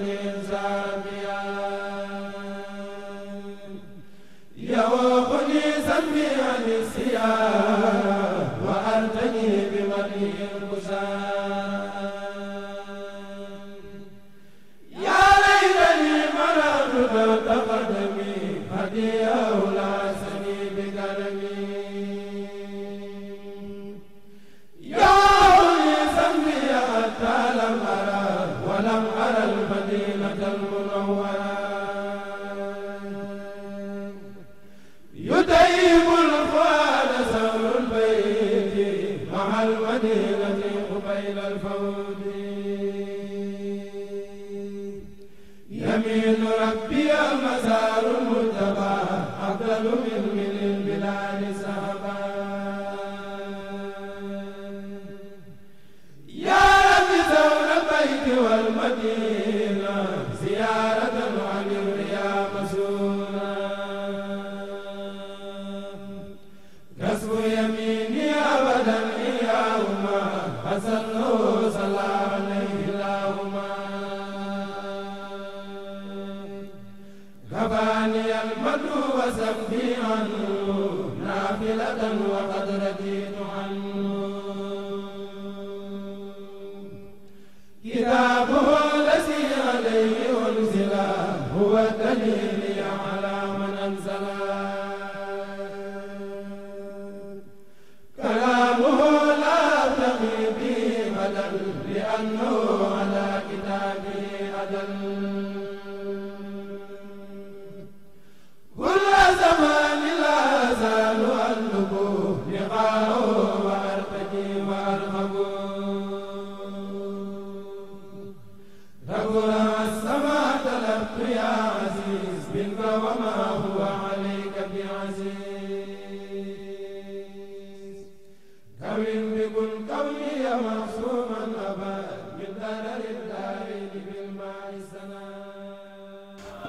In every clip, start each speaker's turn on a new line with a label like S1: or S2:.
S1: ne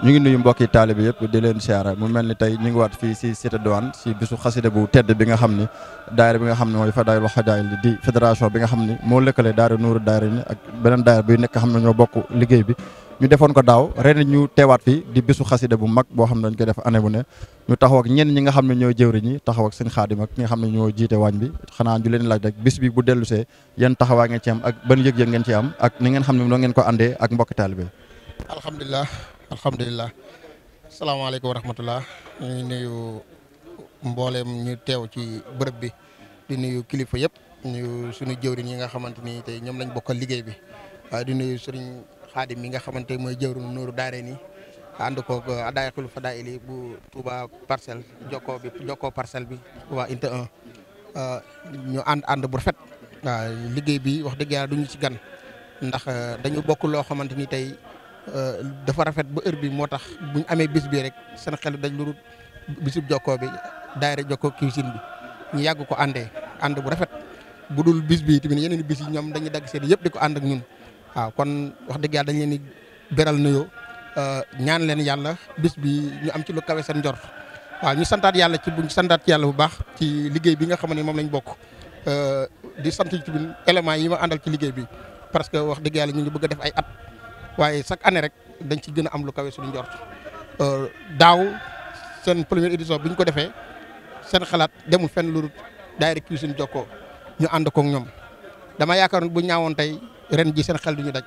S2: ñu ngi nuyu mbokki taalibe yëpp di leen siyaara mu mel ni tey ñu ngi waat fii si cité douane si bisu xasida bu tedd bi nga xam ni daayira bi nga xam ne mooy fa daayira wax xajaayil bi nga xam ni moo lëkkale daayira nuuru daayira ni ak beneen daayira bi nekk xam ne ñoo bokk liggéey bi ñu defoon ko daaw ren ñu teewaat fii di bisu xasida bu mag boo xam ne dañ koy def année ne ñu taxaw ak ñenn ñi nga xam ne ñooy jëwriñ ñi taxaw ak seen xaadim ak ñi ne ñoo jiite waañ bi xanaa ju leen laaj rek bis bi bu dellusee yan taxawaa ngeen ci am ak ban yëg-yëg ngeen ci am ak ni ngeen xam ne noo ngeen ko àndee ak mbokki taalibe
S3: alhamdulilah alhamdulilah salaamaaleykum wa rahmatullah ñu nuyu mbooleem ñu teew ci bërëb bi di nuyu kilifa yëpp nuyu suñu jëwriñ yi nga xamante ni tey ñoom lañ bokkal liggéey bi waaye di nuyu sëriñ xaadim mi nga xamante mooy jëwriñu Nuuru Daarayni ànd koog adaayaxul fadaayili bu Touba parcelle jokkoo bi jokkoo parcelle bi Touba inte 1 ñu ànd ànd bu rafet waaw liggéey bi wax dëgg yàlla duñu ci gan ndax dañu bokk loo xamante tey Euh, dafa rafet bu heure bi moo tax bu ñu amee bis bii rek seen xel daj lu bisub jokkoo bi daayira jokkoo cuisine bi ñu yàgg ko àndee ànd bu rafet bu dul bis bii tamit yeneen bis yi ñoom dañuy dagg seen yëpp di ko ànd ak ñun waaw kon wax dëgg yàlla dañ leen di beral nuyoo euh, ñaan leen yàlla bis bi ñu am ci lu kawe seen njort waaw ñu santaat yàlla ci buñ santaat ci bu baax ci liggéey bi nga xam ne moom lañ bokk euh, di sant ci éléments yi ma àndal ci liggéey bi parce que wax dëgg yàlla ñu ngi bëgg a def ay at waaye chaque année rek dañ ci gën a am lu kawe suñu njort euh, daaw seen première édition bi ñu ko defee seen xalaat demul fenn lu daayira Cuisine Jokko ñu ànd koog ñoom dama yaakaar bu ñaawoon tey ren ji seen xel du ñu daj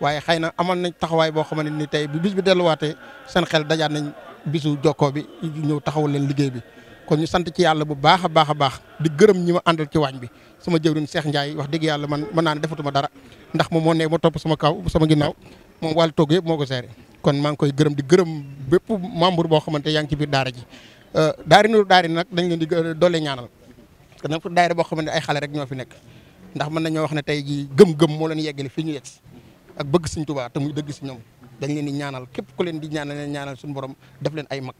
S3: waaye xëy na amoon nañ taxawaay boo xamante ni tey bi bis bi delluwaate seen xel dajaan nañ bisu Jokko bi ñu ñëw taxawal leen liggéey bi. kon ñu sant ci yàlla bu baax a baax a baax di gërëm ñi ma àndal ci waañ bi jëw jëwriñ Cheikh Ndiaye wax dëgg yàlla man ma naan defatuma dara ndax moom moo ne ma topp sama kaw sama ginnaaw moom wàllu togg yëpp moo ko seere kon maa ngi koy gërëm di gërëm bépp membre boo xamante yaa ngi ci biir daara ji euh, daari nuru daari nag dañ leen di doole ñaanal kenn ku daara boo xamante ay xale rek ñoo fi nekk ndax mën nañoo wax ne tey ji gëm-gëm moo leen yeggale fii ñu yegg ak bëgg Sëñ Tuubaa te dëgg si ñoom dañ leen di ñaanal képp ku leen di ñaanal ñaanal suñu borom daf leen ay mag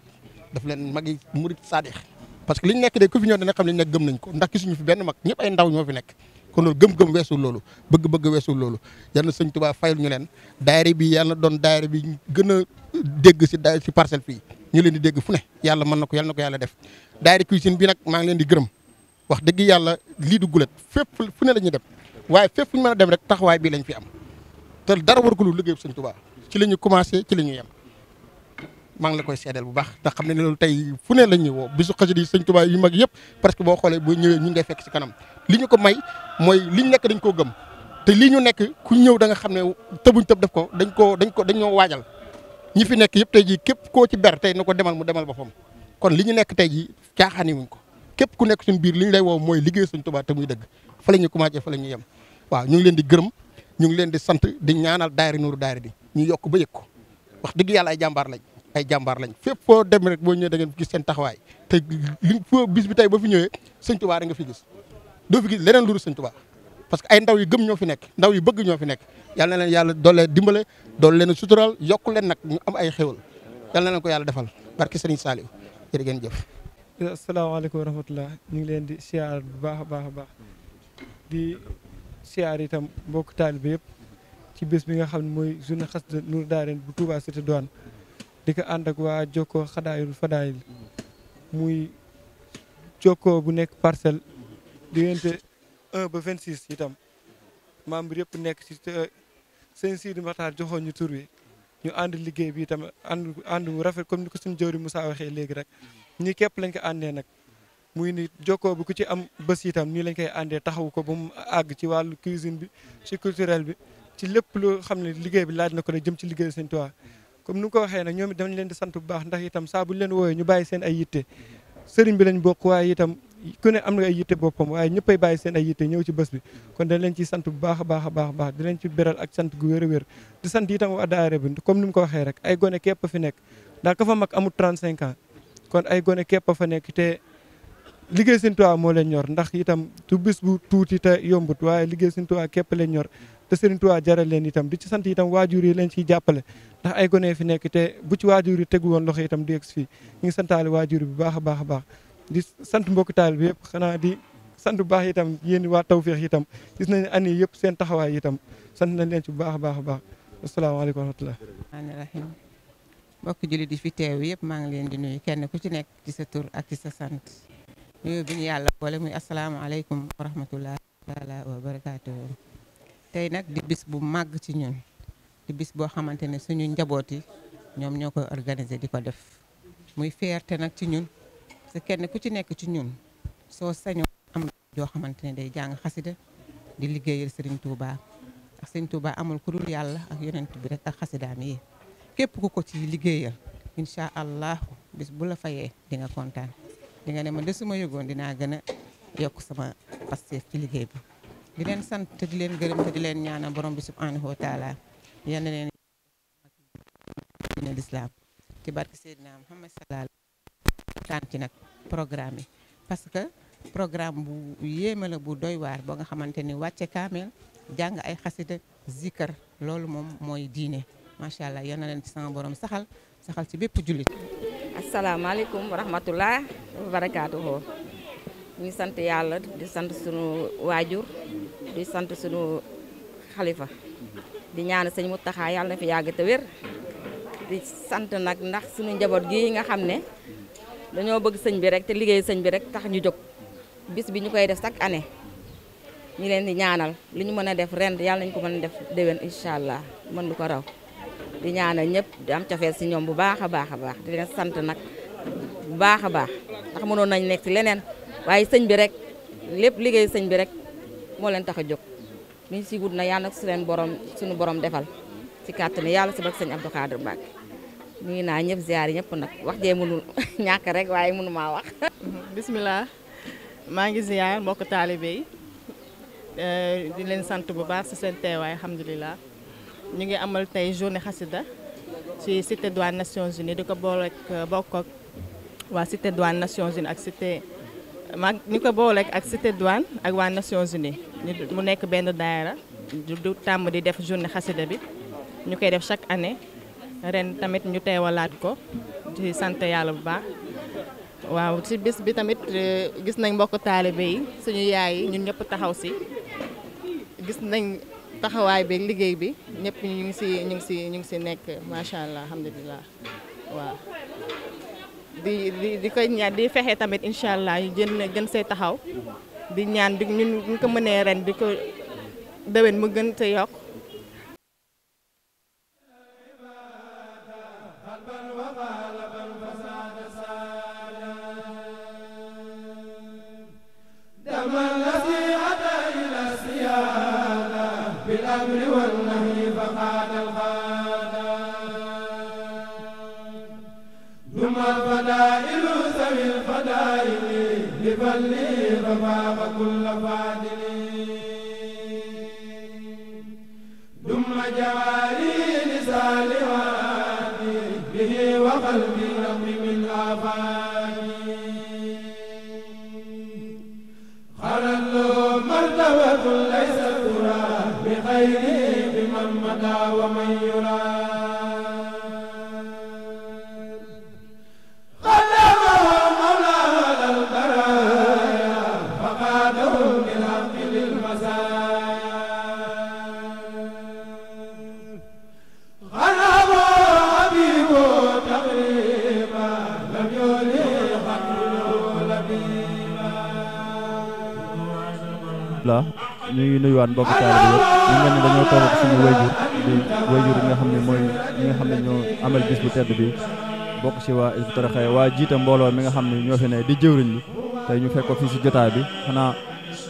S3: daf leen magi murit saadix parce que li ñu nekk de ku fi ñëw dana xam li ñu nekk gëm nañ ko ndax gisuñu fi benn mag ñëpp ay ndaw ñoo fi nekk kon loolu gëm-gëm weesul loolu bëgg-bëgg weesul loolu yal na sëñ Tuubaa fayal ñu leen daayira bi yal doon daayira bi gën a dégg si daay si parcelle fii ñu leen di dégg fu ne yàlla mën na ko yal ko yàlla def daayira cuisine bi nag maa ngi leen di gërëm wax dëgg yàlla lii du gulet fépp fu ne la ñuy dem waaye fépp fu ñu mën a dem rek taxawaay bii lañ fi am te dara war ko lu liggéey sëñ Tuubaa ci la ñu commencé ci la ñu yem maa la koy seedeel bu baax ndax xam ne ne loolu tey fu ne la ñuy woo bisu xasida yi sëñ Tuubaa yu mag yëpp parce que boo xoolee boo ñëwee ñu ngay fekk ci kanam li ñu ko may mooy li ñu nekk dañ koo gëm te lii ñu nekk ku ñëw da nga xam ne tëbuñ tëb def ko dañ koo dañ ko dañoo waajal ñi fi nekk yëpp tey jii képp koo ci ber tey na ko demal mu demal boppam kon li ñu nekk tey jii caaxaani wuñ ko képp ku nekk suñu biir li ñu lay woo mooy liggéey sëñ Tuubaa te muy dëgg fa la ñuy commencé fa la ñuy yem waaw ñu ngi leen di gërëm ñu ngi leen di sant di ñaanal daayira Nuuru Daarayni ñu yokk ba yëg ko wax dëgg yàlla ay jàmbaar ay jàmbaar lañ fépp foo dem rek boo ñëwee da ngeen gis seen taxawaay te li foo bi tey ba fi ñëwee sëñ Tuubaa nga fi gis doo fi gis leneen lu dul sëñ Tuubaa parce que ay ndaw yu gëm ñoo fi nekk ndaw yu bëgg ñoo fi nekk yàlla na leen yàlla doole dimbale doole leen sutural yokk leen nag ñu am ay xéwal yàlla na ko yàlla defal barke sëriñ Saliou jërë ngeen jëf
S4: asalaamaaleykum wa rahmatullah ñu ngi leen di siyaar bu baax a baax a baax di siyaar itam mbokk taalibe yëpp ci bés bi nga xam ne mooy journée xasida Nour Daarayni bu Touba Cité Douane di ko ànd waa jokkoo xadaayul fadaayil muy jokkoo bu nekk parcelle diggante 1 ba 26 itam membre yëpp nekk ci euh, seen Sidi Makhtar joxoon ñu tur wi ñu ànd liggéey bi itam ànd ànd mu rafet comme ni ko suñu jëwri Moussa waxee léegi rek ñi képp lañ ko àndee nag muy ni jokkoo bi ku ci am bés itam nii lañ koy àndee taxaw ko ba mu àgg ci wàllu cuisine bi ci culturel bi ci lépp loo xam ne liggéey bi laaj na ko rek jëm ci liggéey Sëñ Tuubaa comme ni nga ko waxee nag ñoom it dañ leen di bu baax ndax itam saa bu ñu leen woowee ñu bàyyi seen ay yitte sëriñ bi lañ bokk waaye itam ku ne am na ay yitte boppam waaye ñëppay bàyyi seen ay yitte ñëw ci bés bi kon dañ leen ciy sant bu baax baax a baax baax di leen ci beral ak sant gu wér a wér di sant itam waa daara bi comme ni mu ko waxee rek ay gone képp fi nekk ndax ka fa mag amul 35 ans kon ay gone képp fa nekk te liggéey Sëriñ Tuubaa moo leen ñor ndax itam du bis bu tuuti te yombut waaye liggéey Sëriñ képp leen ñor te Serigne Touba jaral leen itam di ci sant itam waajur yi leen ciy jàppale ndax ay gone fi nekk te bu ci waajur yi tegu woon loxo itam di egg fii ñu ngi santaale waajur bu baax a baax a sant mbokk taal bi yëpp di sant bu baax itam yéen waa tawféex itam gis nañu année yi yëpp seen taxawaay itam sant nañ leen ci bu baax a baax a baax asalaamaaleykum wa rahmatulah.
S5: rahim mbokk jullit di fi teew yëpp maa ngi leen di nuyu kenn ku ci nekk ci sa tur ak ci sa sant yàlla boole muy asalaamaaleykum wa rahmatulah wa barakaatuh tey nag di bis bu màgg ci ñun di bis boo xamante ne suñu njaboot yi ñoom ñoo koy organiser di ko def muy fierté nag ci ñun parce kenn ku ci nekk ci ñun soo sañoo am joo xamante ne day jàng xasida di liggéeyal Serigne tuubaa ak Serigne Touba amul ku dul yàlla ak yeneentu bi rek ak xasidaam yi képp ku ko ci liggéeyal incha allahu bis bu la fayee di nga kontaan di nga ne man de su ma yëgoon dinaa gën a yokk sama pasteef ci liggéey bi. di leen sant te di leen gërëm te di leen ñaanal borom bi subhanahu wa taala yal na leen diine lislaam ci barke Seydina Muhammad salaal taan ci nag programme yi parce que programme bu yéeme la bu doy waar ba nga xamante ni wàcce kaameel jàng ay xasida zikar loolu moom mooy diine macha allah yal na leen ci sama borom saxal saxal ci bépp jullit asalaamaaleykum wa rahmatullah wa barakaatuhu ñu sant yàlla di sant sunu waajur di sant sunu xalifa di ñaan sëñ taxaa yàlla na fi yàgg te wér di sant nag ndax sunu njaboot gi nga xam ne dañoo bëgg sëñ bi rek te liggéey sëñ bi rek tax ñu jóg bis bi ñu koy def chaque année ñu leen di ñaanal li ñu mën a def rend yàlla nañu ko mën a def déwén incha allah mën lu ko raw di ñaanal ñëpp di am cofeel si ñoom bu baax a baax a baax di leen sant nag bu baax a baax ndax mënoon nañ nekk si leneen waaye sëñ bi rek lépp liggéey sëñ bi rek moo leen tax a jóg liñ si wut na yàlla nag su leen borom suñu borom defal si kàttanu yàlla si bak sëñ Abdou ba Mbacke nuyu naa ñëpp ziar yi ñëpp wax jee mënul ñàkk rek waaye mënu maa wax bisimilah maa ngi ziar mbokk taalibe yi euh, di leen sant bu baax si seen teewaay alhamdulilah ñu ngi amal tey journée xasida ci cité douane Nations Unies di ko boole ak euh, bokk ak waa cité douane Nations Unies ak cité ma ñu ko booleek ak Cité Douane ak waa Nations Unies mu nekk benn daayara du tàmm di def journée xasida bi ñu koy def chaque année ren tamit ñu teewalaat ko di sant yàlla bu baax waaw ci bis bi tamit euh, gis nañ mbokk taalibe yi suñu yaay yi ñun ñëpp taxaw si gis nañ taxawaay bi liggéey bi ñëpp ñu ngi si ñu ngi si ñu ngi si nekk macha allah alhamdulilah waaw di di di koy ñaan di fexe tamit incha allah ñu gën gën see taxaw di ñaan di ñun ñu ko mënee ren di ko déwén mu gën see yokk.
S1: الأمر والنهي salli fa faaba kulla faadili
S2: nuyuwaat mbokki taalibe yëpp ñu mel ni dañoo toog ak yi nga xam ne mooy ñi nga ñoo amal bis bi bokk ci waa Hizbut waa jiite mbooloo mi nga xam ne ñoo fi ne di jëwriñ li tey ñu fekk ko fii si jotaay bi xanaa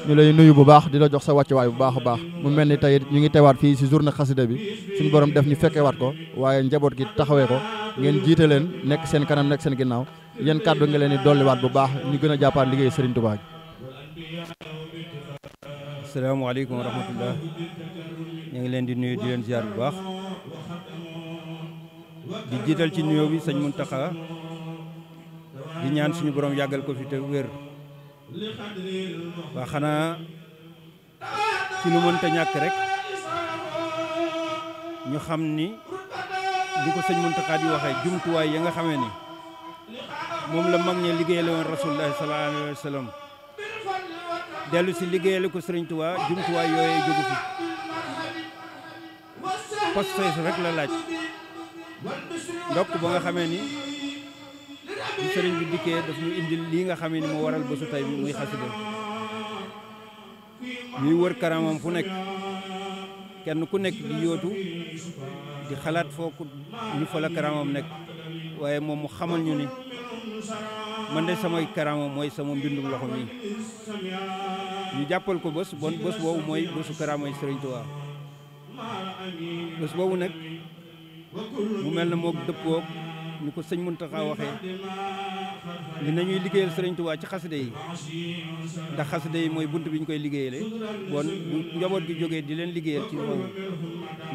S2: ñu lay nuyu bu baax di la jox sa wàccuwaay bu baax a baax mu mel ni tey ñu ngi teewaat fii ci na xasida bi suñu borom def ñu fekkewaat ko waaye njaboot gi taxawee ko ngeen jiite leen nekk seen kanam nekk seen ginnaaw yéen kàddu nga leen di dolliwaat bu baax ñu gën a jàppaat liggéey Serigne
S6: asalaamaaleykum wa rahmatullah ñu ngi leen di nuyu di leen ziar bu baax
S1: di jiital ci nuyoo bi sëñ Muntaxa
S6: di ñaan suñu borom yàggal ko fi te wér xanaa ci lu ñàkk rek ñu xam ni di ko sëñ Muntaxa di waxee jumtuwaay ya nga xamee ni moom la mag ñe liggéeyale la rasulullahi sallallahu alayhi wa dellu si liggéeyal ko Sëriñ Tuubaa jumtuwaay yooyee jógu fi poste rek la laaj ndokk ba nga xamee ni bu sëriñ bi dikkee daf ñu indil lii nga xamee ni mu waral bésu tey bi muy xasida ñuy wër karamam fu nekk kenn ku nekk di yootu di xalaat foo ku ñu fa la karamam nekk waaye moom mu xamal ñu ni man de samay karaama mooy sama mbindum loxo mi ñu jàppal ko bés bon bés boobu mooy bésu karaama yi Sëriñ Tuubaa
S1: bés boobu nag mu mel na mook
S6: dëppook ñu ko sëñ Muntaxa waxee li nañuy liggéeyal Sëriñ ci xasida yi ndax xasida yi mooy bunt bi ñu koy liggéeyale bon bu njaboot gi jógee di leen liggéeyal ci boobu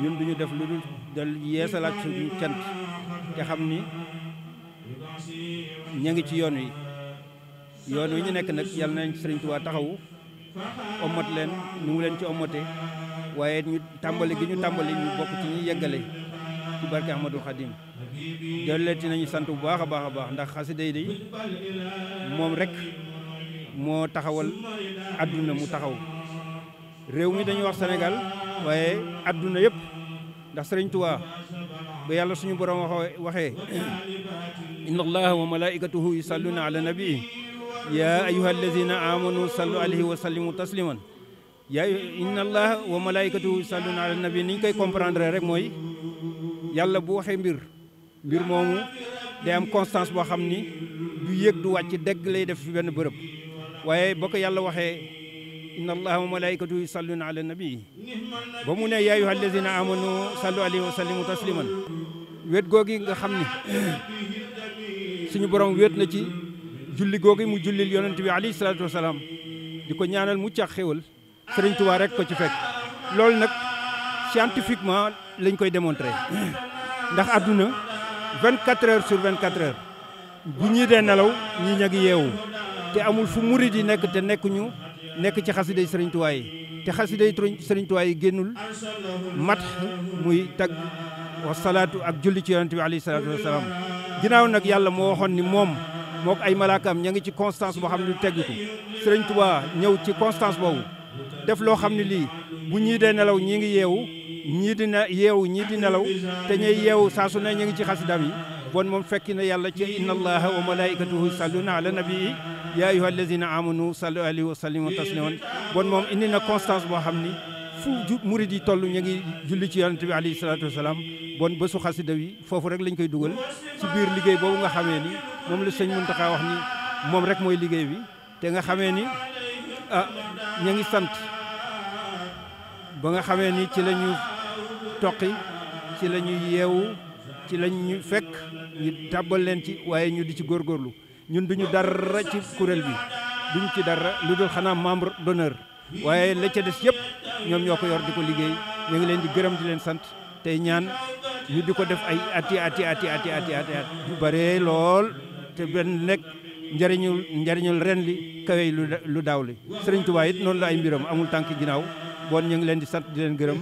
S6: ñun duñu def lu dul dal yeesalaat suñu cant te xam ni ña ngi ci yoon wi yoon wi ñu nekk nag yàlla nañ sëriñ Tuubaa taxawu omat leen ñu leen ci omate waaye ñu tàmbali gi ñu tàmbali ñu bokk ci ñuy yeggale ci barke Ahmadul Xadim dolleeti nañu sant bu baax a baax a baax ndax xasida yi day moom rek moo taxawal adduna mu taxaw réew mi dañuy wax senegal waaye adduna yëpp ndax sëriñ Tuubaa yàlla suñu borom waxee inna allaha wa malaikatahu yusalluna ala nabii ya ayuha alladina amanu sallu alayhi wa sallimu tasliman yaa inna allaha wa malaikatahu yusalluna ala nabii ni ñu koy comprendre rek mooy yàlla bu waxee mbir mbir moomu day am constance boo xam ni du yéeg du wàcc degg lay def fi benn bërëb waaye ba ko yàlla waxee inna allaha wa malaikatahu yusalluna ala nabii ba mu ne yaa ayyuha allazina amanu sallu alayhi wa wet googi nga xam ni suñu borom wéet na ci julli googu mu jullil yonent bi alayhi salaatu wasalaam di ko ñaanal mucc ak xéwal sëriñ Tuubaa ko ci fekk loolu nag scientifiquement lañ koy démontrer ndax àdduna 24 heures sur 24 heures bu ñii dee nelaw ñii ña ngi yeewu te amul fu murid yi nekk te nekkuñu nekk ci xasiday sëriñ Tuubaa yi te xasiday sëriñ Tuubaa yi génnul mat muy tag wa ak julli ci yonent bi alayhi wasalaam ginnaaw nag yàlla moo waxoon ni moom mook ay malaakaam ña ngi ci constance boo xam ne lu tegg ko sëriñ Tuubaa ñëw ci constance boobu def loo xam ne li bu ñii dee nelaw ñii ngi yeewu ñii di ne yeewu ñii di nelaw te ñuy yeewu saa su ne ñu ngi ci xasidaam yi bon moom fekki na yàlla ci inna allaha wa malaikatahu yusalluna ala nabii ya ayyuha allazina amanu sallu alayhi wa sallimu tasliman bon moom indi na constance boo xam ni fu murid yi toll ñu ngi julli ci yonent bi alayhi salaatu wasalaam bon bésu xasida wi foofu rek lañu koy dugal ci biir liggéey boobu nga xamee ni moom la sëñ Muntaxa wax ni moom rek mooy liggéey bi te nga xamee ni ah ngi sant ba nga xamee ni ci la ñu toqi ci la yeewu ci la ñu fekk ñu tàbbal leen ci waaye ñu di ci góor góorlu ñun duñu dara ci kuréel bi duñ ci dara lu dul xanaa membre d'honneur waaye la des yëpp ñoom ñoo ko yor di ko liggéey ñu ngi leen di gërëm di leen sant tey ñaan ñu di ko def ay ati ati ati ati at yu bare lool te benn nekk njariñul njariñul ren li kawey lu daaw li sëriñ Tuubaa it noonu la ay mbiram amul tànk ginnaaw bon ñu ngi leen di sant di leen gërëm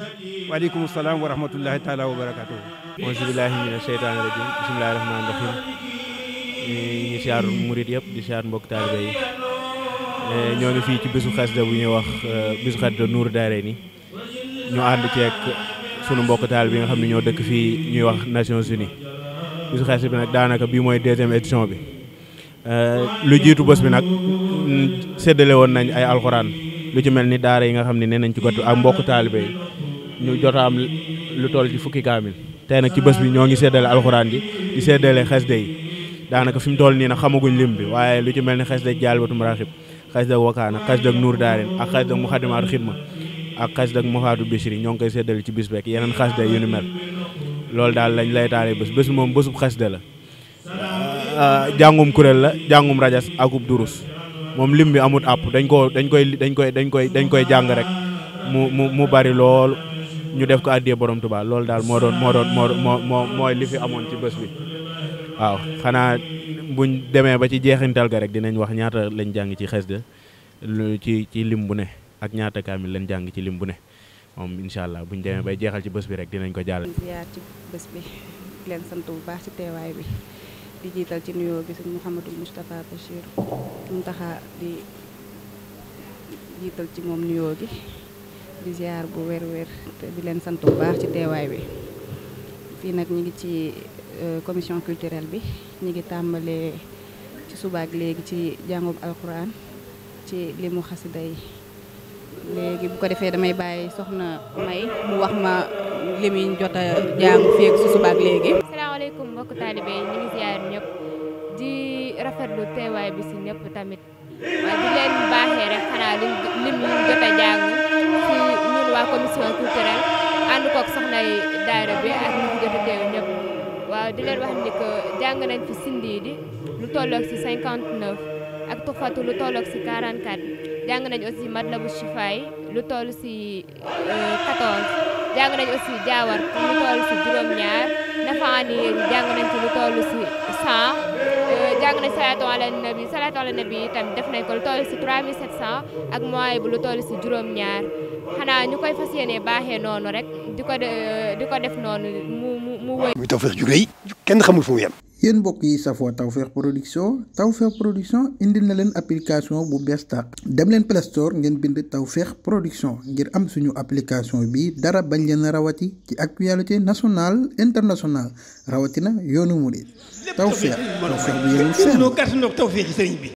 S6: waaleykum salaam wa rahmatullahi taala wa barakatuh
S7: auzu billahi mina sheytaani rajim bismillahi rahmaani rahim ñu siyaar yëpp di siyaar mbokk taalibe Eh, ñoo ngi fii ci bisu xasida bu ñuy wax eh, bisu xasida Nuuru Daarayni ñu ànd ceeg sunu mbokk taal bi nga xam ne ñoo dëkk fii ñuy wax Nations Unies bisu xasida bi nag daanaka bii mooy deuxième édition bi eh, lu jiitu bés bi nag mm, séddale woon nañ ay alxuraan lu ci mel ni daara yi nga xam ne nee nañ ci gott ak mbokk taalibe yi ñu jot am lu toll ci fukki kaamil te nag ci bës bi ñoo ngi seddale alxuraan ji di séddale xasida yi daanaka fi mu toll nii nag xamaguñ lim bi waaye lu ci mel ni xasida Jaalibatu Maraaxib xasida wakaana xasida nuur daarin ak xasida muxadimaatu xidma ak xasida mofaatu bichri ñoo ngi koy séddale ci bis beeg yeneen xasida yu ni mel loolu daal lañ lay taale bës bës moom bésub xasida la ah, jàngum kuréel la jàngum rajas akub durus moom lim bi amut àpp dañ koo dañ koy dañ koy dañ koy dañ koy jàng rek mu mu mu bari lool ñu def ko àddiyee borom Tuubaa loolu daal moo doon moo doon moo moo moo mooy li fi amoon ci bës bi waaw xanaa buñ demee ba ci jeexintal ga rek dinañ wax ñaata lañ jàng ci xes de ci ci lim bu ne ak ñaata kaamil lañ jàng ci lim bu ne moom incha allah buñ demee bay jeexal ci bës bi rek dinañ ko jàll
S5: ziyaar ci bés sant bu baax ci di jiital ci nuyoo bi sëñ Mouhamadou Moustapha Bachir mu taxa di jiital ci moom nuyoo bi di ziyaar bu wér wér te di leen sant bu baax ci teewaay bi fii nag ñu ngi ci euh, commission culturelle bi ñi ngi tàmbalee ci subaak léegi ci jàngub alquran ci limu xasida yi léegi bu ko defee damay bàyyi soxna May mu wax ma li muy jàngu fii ak subaak léegi.
S4: asalaamaaleykum mbokk taalibe ñu ngi ziar ñëpp di rafetlu teewaay bi si ñëpp tamit di leen baaxee rek xanaa li lim ñu jot ci ñun waa commission culturelle ànd koog soxna yi daara bi ak ñu
S5: jot teew ñëpp.
S4: di leen wax ni que jàng nañ fi sindiidi lu tolloog si 59 ak tuxfatu lu tolloog si 44 jàng nañ aussi matlabu shifaay lu toll si 14 euh, jàng nañ aussi jaawar lu toll si juróom-ñaar nafaani jàng nañ ci lu toll si euh, jàng nañ salaatu ala nabi salaatu ala nabi itam def nañ ko lu toll si 3700 ak mooy bu lu toll si juróom-ñaar xanaa ñu koy fas yéene noonu rek di ko euh, def noonu muy
S6: Tawfekh jugee yi
S3: kenn xamul fu mu yem. yéen mbokk yi safoo Tawfekh production Tawfekh indil na leen application bu bees tàq dem leen Play Store ngeen bind Tawfekh production ngir am suñu application bi dara bañ leen rawati ci actualité nationale
S2: internationale rawatina yoonu mu
S8: de